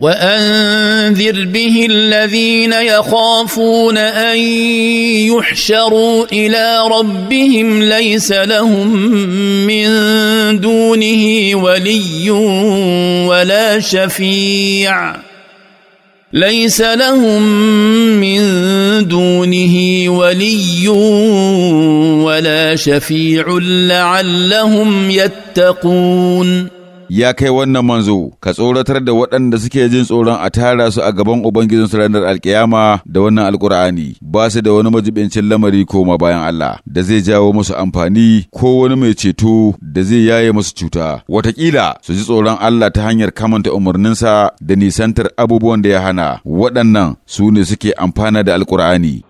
وانذر به الذين يخافون ان يحشروا الى ربهم ليس لهم من دونه ولي ولا شفيع ليس لهم من دونه ولي ولا شفيع لعلهم يتقون ya kai wannan manzo ka tsoratar da waɗanda suke jin tsoron a tara su a gaban ubangijin su ranar alkiyama da wannan alkur'ani ba su da wani majibincin lamari ko ma bayan Allah da zai jawo musu amfani ko wani mai ceto da zai yaye musu cuta watakila su ji tsoron Allah ta hanyar kamanta umarninsa da nisantar abubuwan da ya hana waɗannan su ne suke amfana da alkur'ani